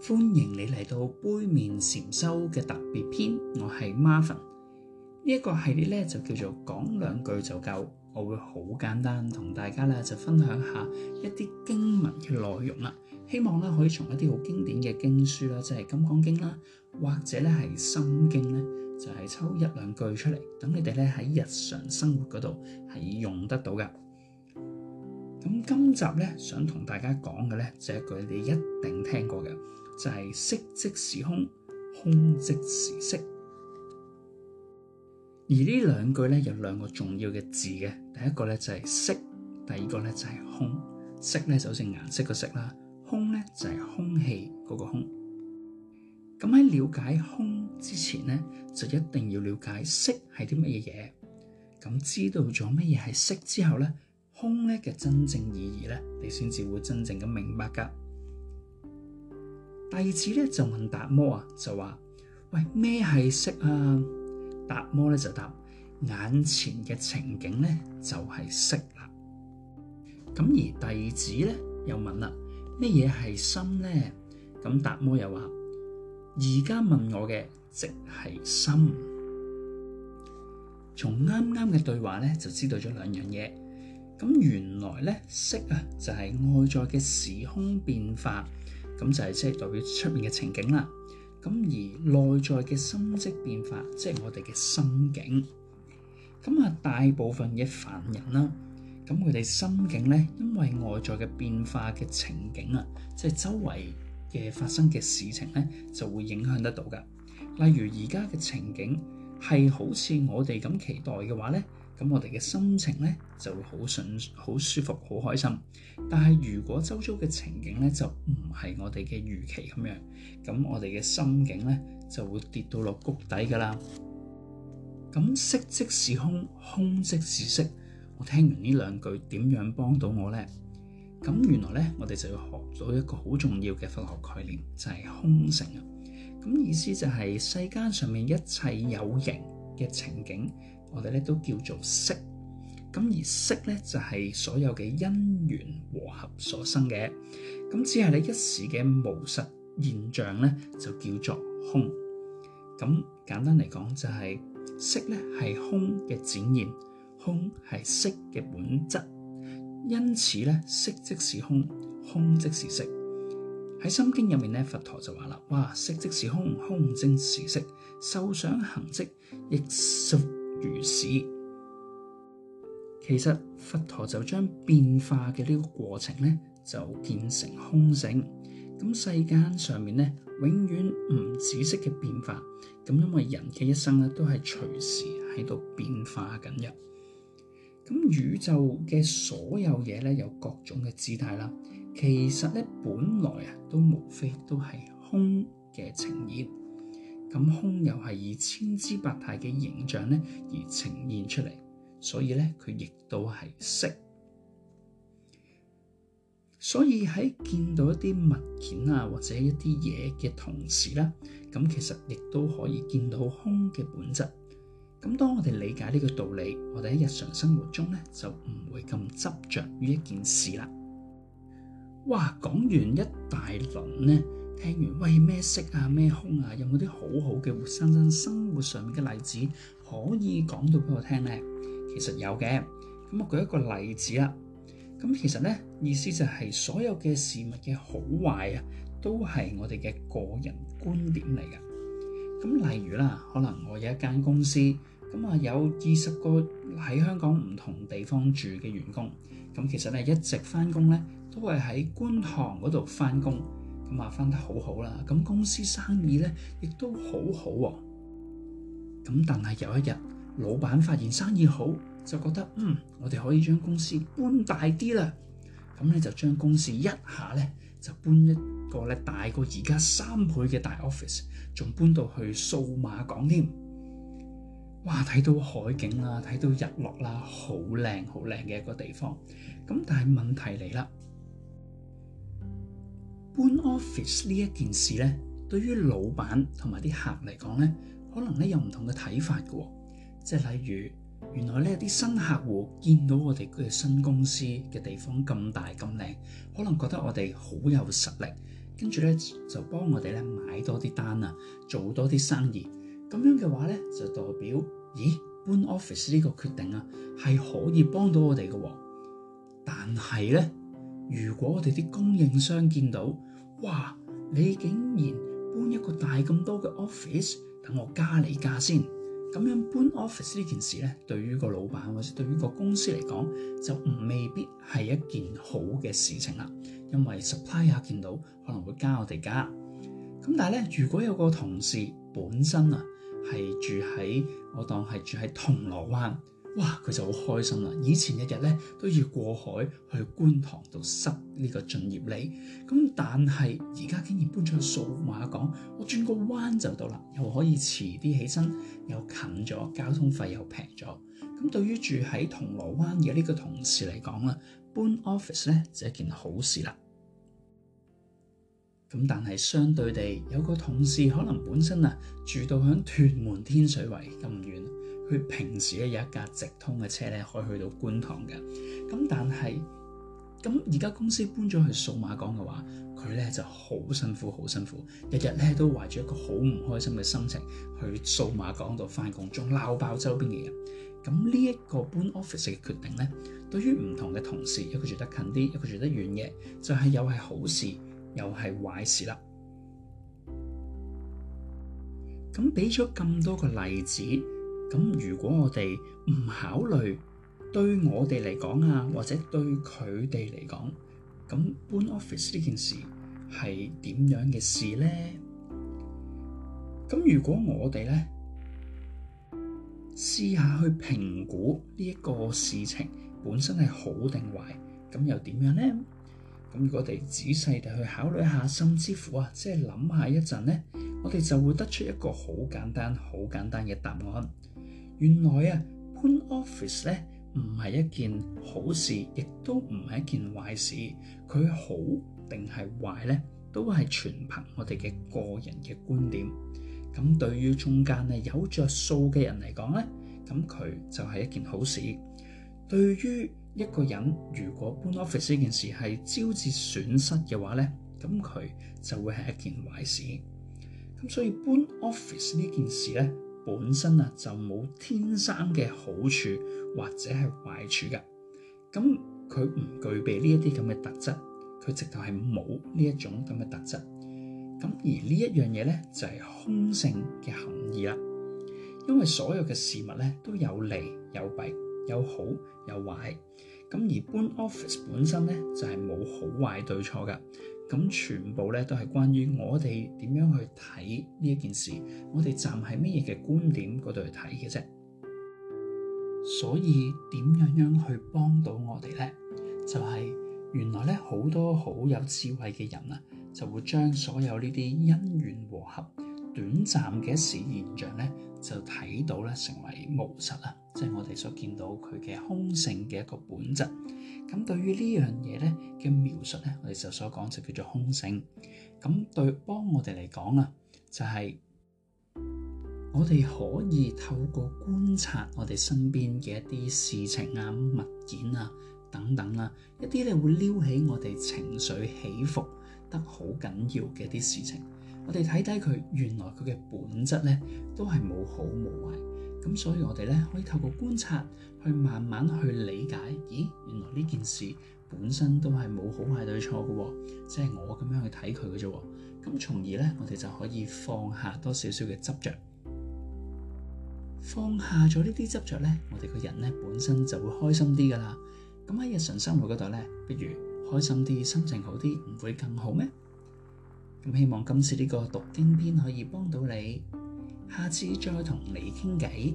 歡迎你嚟到杯麵禪修嘅特別篇，我係 Marvin。呢、這、一個系列咧就叫做講兩句就夠，我會好簡單同大家咧就分享下一啲經文嘅內容啦。希望咧可以從一啲好經典嘅經書啦，即係《金剛經》啦，或者咧係《心經》咧，就係、是、抽一兩句出嚟，等你哋咧喺日常生活嗰度係用得到嘅。咁今集咧，想同大家講嘅咧，就係一句你一定聽過嘅，就係色即是空，空即是色。而呢兩句咧，有兩個重要嘅字嘅，第一個咧就係色，第二個咧就係空。色咧就好似顏色個色啦，空咧就係空氣嗰個空。咁喺了解空之前咧，就一定要了解色係啲乜嘢嘢。咁知道咗乜嘢係色之後咧。空咧嘅真正意義咧，你先至會真正咁明白噶。弟子咧就問達摩啊，就話：喂咩係色啊？達摩咧就答：眼前嘅情景咧就係色啦。咁而弟子咧又問啦：咩嘢係心咧？咁達摩又話：而家問我嘅即係心。從啱啱嘅對話咧就知道咗兩樣嘢。咁原來咧色啊，就係外在嘅時空變化，咁就係即係代表出面嘅情景啦。咁而內在嘅心識變化，即係我哋嘅心境。咁啊，大部分嘅凡人啦，咁佢哋心境咧，因為外在嘅變化嘅情景啊，即係周圍嘅發生嘅事情咧，就會影響得到噶。例如而家嘅情景係好似我哋咁期待嘅話咧。咁我哋嘅心情呢，就會好順、好舒服、好開心。但係如果周遭嘅情景呢，就唔係我哋嘅預期咁樣，咁我哋嘅心境呢，就會跌到落谷底噶啦。咁色即是空，空即是色。我聽完呢兩句，點樣幫到我呢？咁原來呢，我哋就要學到一個好重要嘅佛學概念，就係空性啊。咁意思就係世間上面一切有形嘅情景。我哋咧都叫做色，咁而色咧就係所有嘅因緣和合所生嘅。咁只係你一時嘅無實現象咧，就叫做空。咁簡單嚟講，就是，就係色咧係空嘅展現，空係色嘅本質。因此咧，色即是空，空即是色。喺《心經》入面咧，佛陀就話啦：哇，色即是空，空即是色，受想行識亦屬。如是，其實佛陀就將變化嘅呢個過程咧，就變成空性。咁世間上面咧，永遠唔止息嘅變化。咁因為人嘅一生咧，都係隨時喺度變化緊嘅。咁宇宙嘅所有嘢咧，有各種嘅姿態啦。其實咧，本來啊，都無非都係空嘅呈現。咁空又係以千姿百態嘅形象咧，而呈現出嚟，所以咧，佢亦都係色。所以喺見到一啲物件啊或者一啲嘢嘅同時咧，咁其實亦都可以見到空嘅本質。咁當我哋理解呢個道理，我哋喺日常生活中咧，就唔會咁執着於一件事啦。哇！講完一大輪呢。聽完喂，咩色啊、咩空啊，有冇啲好好嘅活生生生活上面嘅例子可以講到俾我聽呢？其實有嘅，咁我舉一個例子啦。咁其實呢，意思就係所有嘅事物嘅好壞啊，都係我哋嘅個人觀點嚟嘅。咁例如啦，可能我有一間公司，咁啊有二十個喺香港唔同地方住嘅員工，咁其實呢一直翻工呢都係喺觀塘嗰度翻工。咁啊，翻得好好啦！咁公司生意咧，亦都好好、哦。咁但係有一日，老闆發現生意好，就覺得嗯，我哋可以將公司搬大啲啦。咁咧就將公司一下咧就搬一個咧大過而家三倍嘅大 office，仲搬到去數碼港添。哇！睇到海景啦、啊，睇到日落啦、啊，好靚好靚嘅一個地方。咁但係問題嚟啦。搬 office 呢一件事呢，對於老闆同埋啲客嚟講呢，可能咧有唔同嘅睇法嘅。即係例如，原來呢啲新客戶見到我哋嘅新公司嘅地方咁大咁靚，可能覺得我哋好有實力，跟住呢就幫我哋咧買多啲單啊，做多啲生意。咁樣嘅話呢，就代表，咦，搬 office 呢個決定啊，係可以幫到我哋嘅。但係呢，如果我哋啲供應商見到，哇！你竟然搬一個大咁多嘅 office，等我加你價先。咁樣搬 office 呢件事咧，對於個老闆或者對於個公司嚟講，就未必係一件好嘅事情啦。因為 supplier 見到可能會加我哋價。咁但係咧，如果有個同事本身啊係住喺我當係住喺銅鑼灣。哇！佢就好開心啦。以前日日咧都要過海去觀塘度塞呢個進業裏，咁但係而家竟然搬咗去數碼港，我轉個彎就到啦，又可以遲啲起身，又近咗，交通費又平咗。咁對於住喺銅鑼灣嘅呢個同事嚟講啦，搬 office 咧就一件好事啦。咁但係相對地，有個同事可能本身啊住到響屯門天水圍咁遠。佢平時咧有一架直通嘅車咧，可以去到觀塘嘅。咁但係咁而家公司搬咗去數碼港嘅話，佢咧就好辛苦，好辛苦，日日咧都懷住一個好唔開心嘅心情去數碼港度返工，仲鬧爆周邊嘅人。咁呢一個搬 office 嘅決定咧，對於唔同嘅同事，一個住得近啲，一個住得遠嘅，就係又係好事，又係壞事啦。咁俾咗咁多個例子。咁如果我哋唔考慮對我哋嚟講啊，或者對佢哋嚟講，咁搬 office 呢件事係點樣嘅事呢？咁如果我哋呢試下去評估呢一個事情本身係好定壞，咁又點樣呢？咁如果我哋仔細地去考慮一下，甚至乎啊，即係諗下一陣呢，我哋就會得出一個好簡單、好簡單嘅答案。原來啊，搬 office 咧，唔係一件好事，亦都唔係一件壞事。佢好定係壞呢，都係全憑我哋嘅個人嘅觀點。咁對於中間咧，有着數嘅人嚟講呢，咁佢就係一件好事。對於一個人，如果搬 office 呢件事係招致損失嘅話呢，咁佢就會係一件壞事。咁所以搬 office 呢件事呢，本身啊就冇天生嘅好處或者係壞處噶，咁佢唔具備呢一啲咁嘅特質，佢直頭係冇呢一種咁嘅特質。咁而呢一樣嘢咧就係空性嘅含義啦，因為所有嘅事物咧都有利有弊，有好有壞。咁而搬 office 本身咧就係冇好壞對錯㗎。咁全部咧都係關於我哋點樣去睇呢一件事，我哋站喺咩嘢嘅觀點嗰度去睇嘅啫。所以點樣樣去幫到我哋咧？就係、是、原來咧好多好有智慧嘅人啊，就會將所有呢啲因緣和合、短暫嘅一時現象咧，就睇到咧成為模實啦。即係我哋所見到佢嘅空性嘅一個本質，咁對於呢樣嘢咧嘅描述咧，我哋就所講就叫做空性。咁對幫我哋嚟講啊，就係我哋可以透過觀察我哋身邊嘅一啲事情啊、物件啊等等啦、啊，一啲咧會撩起我哋情緒起伏得好緊要嘅一啲事情，我哋睇睇佢原來佢嘅本質咧，都係冇好冇壞。咁所以我哋呢，我哋咧可以透過觀察，去慢慢去理解，咦，原來呢件事本身都係冇好壞對錯嘅，哦，即係我咁樣去睇佢嘅啫。咁從而咧，我哋就可以放下多少少嘅執着，放下咗呢啲執着咧，我哋個人咧本身就會開心啲噶啦。咁喺日常生活嗰度咧，不如開心啲，心情好啲，唔會更好咩？咁希望今次呢個讀經篇可以幫到你。下次再同你傾偈。